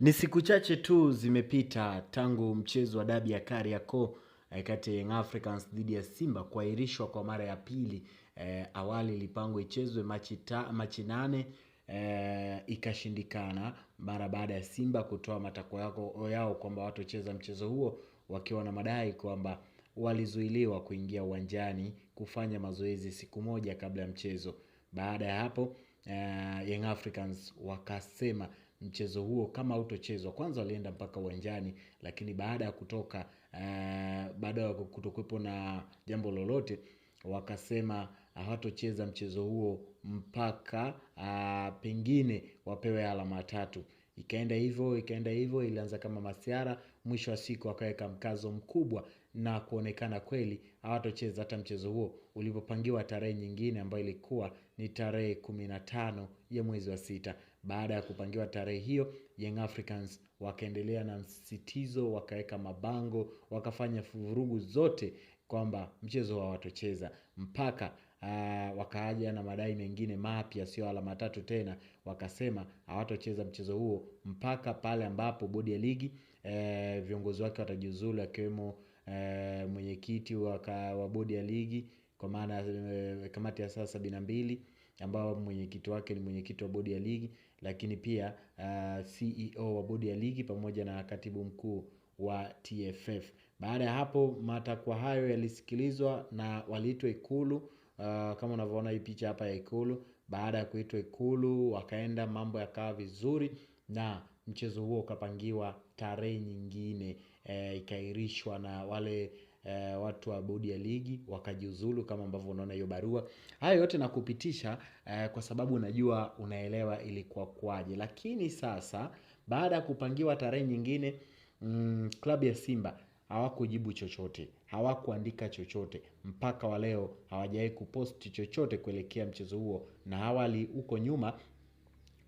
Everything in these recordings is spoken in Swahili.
Ni siku chache tu zimepita tangu mchezo wa dabi ya Kariakoo eh, kati ya Young Africans dhidi ya Simba kuahirishwa kwa mara ya pili. E, awali ilipangwa ichezwe Machi, Machi nane e, ikashindikana mara baada ya Simba kutoa matakwa yako yao kwamba watocheza mchezo huo wakiwa na madai kwamba walizuiliwa kuingia uwanjani kufanya mazoezi siku moja kabla ya mchezo. Baada ya hapo, uh, Young Africans wakasema mchezo huo kama utochezwa. Kwanza walienda mpaka uwanjani, lakini baada ya kutoka uh, baada ya kutokuwepo na jambo lolote, wakasema hawatocheza mchezo huo mpaka uh, pengine wapewe alama tatu. Ikaenda hivyo ikaenda hivyo, ilianza kama masiara, mwisho wa siku akaweka mkazo mkubwa na kuonekana kweli hawatocheza hata mchezo huo ulipopangiwa tarehe nyingine ambayo ilikuwa ni tarehe kumi na tano ya mwezi wa sita. Baada ya kupangiwa tarehe hiyo, Young Africans wakaendelea na msitizo, wakaweka mabango, wakafanya vurugu zote kwamba mchezo watocheza mpaka uh, wakaaja na madai mengine mapya, sio alama tatu tena. Wakasema hawatocheza mchezo huo mpaka pale ambapo bodi ya ligi eh, viongozi wake watajiuzulu, akiwemo eh, mwenyekiti wa bodi ya ligi kwa maana eh, kamati ya saa sabini na mbili ambao mwenyekiti wake ni mwenyekiti wa bodi ya ligi, lakini pia uh, ah, CEO wa bodi ya ligi pamoja na katibu mkuu wa TFF. Baada ya hapo, matakwa hayo yalisikilizwa na waliitwa Ikulu. Uh, kama unavyoona hii picha hapa ya Ikulu. Baada ya kuitwa Ikulu, wakaenda mambo yakawa vizuri na mchezo huo ukapangiwa tarehe nyingine, e, ikairishwa na wale eh, watu wa bodi ya ligi wakajiuzulu kama ambavyo unaona hiyo barua. Hayo yote nakupitisha eh, kwa sababu unajua unaelewa ilikuwa kwaje, lakini sasa baada ya kupangiwa tarehe nyingine mm, klabu ya Simba hawakujibu chochote, hawakuandika chochote mpaka wa leo, hawajawahi kuposti chochote kuelekea mchezo huo, na awali huko nyuma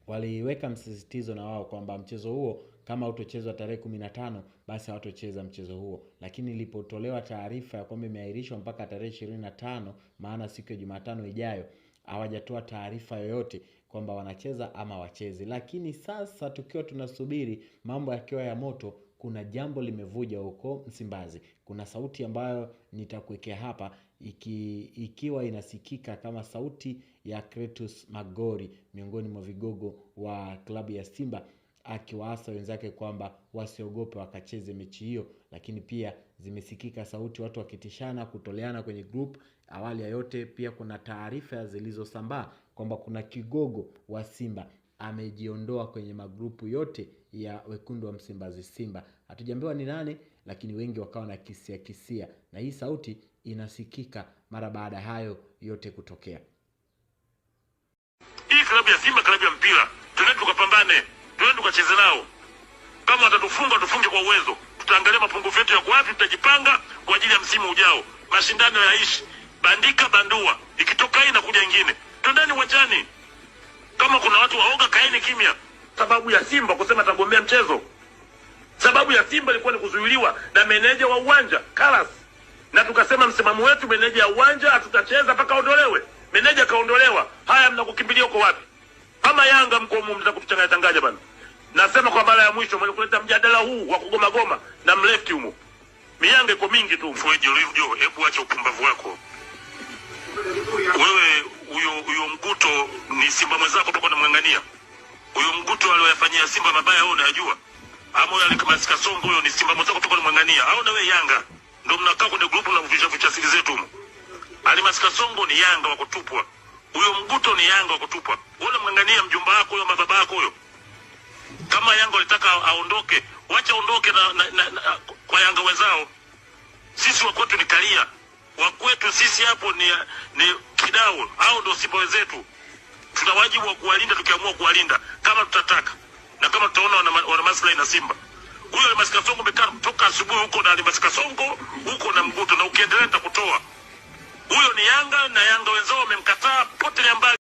waliweka msisitizo na wao kwamba mchezo huo kama utochezwa tarehe kumi na tano basi hawatocheza mchezo huo, lakini ilipotolewa taarifa ya kwamba imeahirishwa mpaka tarehe ishirini na tano maana siku ya Jumatano ijayo hawajatoa taarifa yoyote kwamba wanacheza ama wachezi. Lakini sasa tukiwa tunasubiri mambo yakiwa ya moto, kuna jambo limevuja huko Msimbazi. Kuna sauti ambayo nitakuwekea hapa iki, ikiwa inasikika kama sauti ya Kretus Magori miongoni mwa vigogo wa klabu ya Simba akiwaasa wenzake kwamba wasiogope wakacheze mechi hiyo, lakini pia zimesikika sauti watu wakitishana kutoleana kwenye group. Awali ya yote, pia kuna taarifa zilizosambaa kwamba kuna kigogo wa Simba amejiondoa kwenye magrupu yote ya wekundu wa Msimbazi Simba. Hatujaambiwa ni nani, lakini wengi wakawa na kisia kisia, na hii sauti inasikika mara baada ya hayo yote kutokea. Hii klabu ya Simba, klabu ya mpira, tuende tukapambane, tuende tukacheze nao. Kama watatufunga tufunge kwa uwezo, tutaangalia mapungufu yetu ya wapi, tutajipanga kwa ajili ya msimu ujao. Mashindano yaishi, bandika bandua, ikitoka hii inakuja ingine. Twendeni uwanjani, kama kuna watu waoga, kaeni kimya. Sababu ya Simba kusema atagombea mchezo, sababu ya Simba ilikuwa ni kuzuiliwa na meneja wa uwanja Kalas na tukasema msimamo wetu, meneja ya uwanja hatutacheza mpaka aondolewe. Meneja kaondolewa, haya mnakukimbilia uko wapi? Kama Yanga mko humu, mtaka kutuchanganya tangaja bana. Nasema kwa mara ya mwisho, mwenye kuleta mjadala huu wa kugoma goma na mlefti humo, miyanga iko mingi tu. Mfweje Lujo, hebu acha upumbavu wako wewe. Huyo huyo mguto ni Simba mwenzako, toka namng'ang'ania huyo mguto aliyofanyia Simba mabaya, wewe unajua ama yule kama songo, huyo ni Simba mwenzako, toka namng'ang'ania au na wewe Yanga ndio mnakaa kwenye grupu na kuficha ficha siri zetu. Almas Kasongo ni Yanga wa kutupwa, huyo Mguto ni Yanga wa kutupwa. Wewe mng'ang'ania mjomba wako huyo, mababa yako huyo. Kama Yanga walitaka aondoke, wacha aondoke na, na, na, na, kwa Yanga wenzao. Sisi wa kwetu ni Kalia, wa kwetu sisi hapo ni, ni Kidao au ndio Simba wenzetu. Tuna wajibu wa kuwalinda, tukiamua kuwalinda kama tutataka na kama tutaona wana, wana maslahi na Simba. Huyo Almas Kasongo umekaa toka asubuhi huko na songo huko na Mguto, na ukiendelea nitakutoa. Huyo ni Yanga na Yanga wenzao wamemkataa potelea mbali.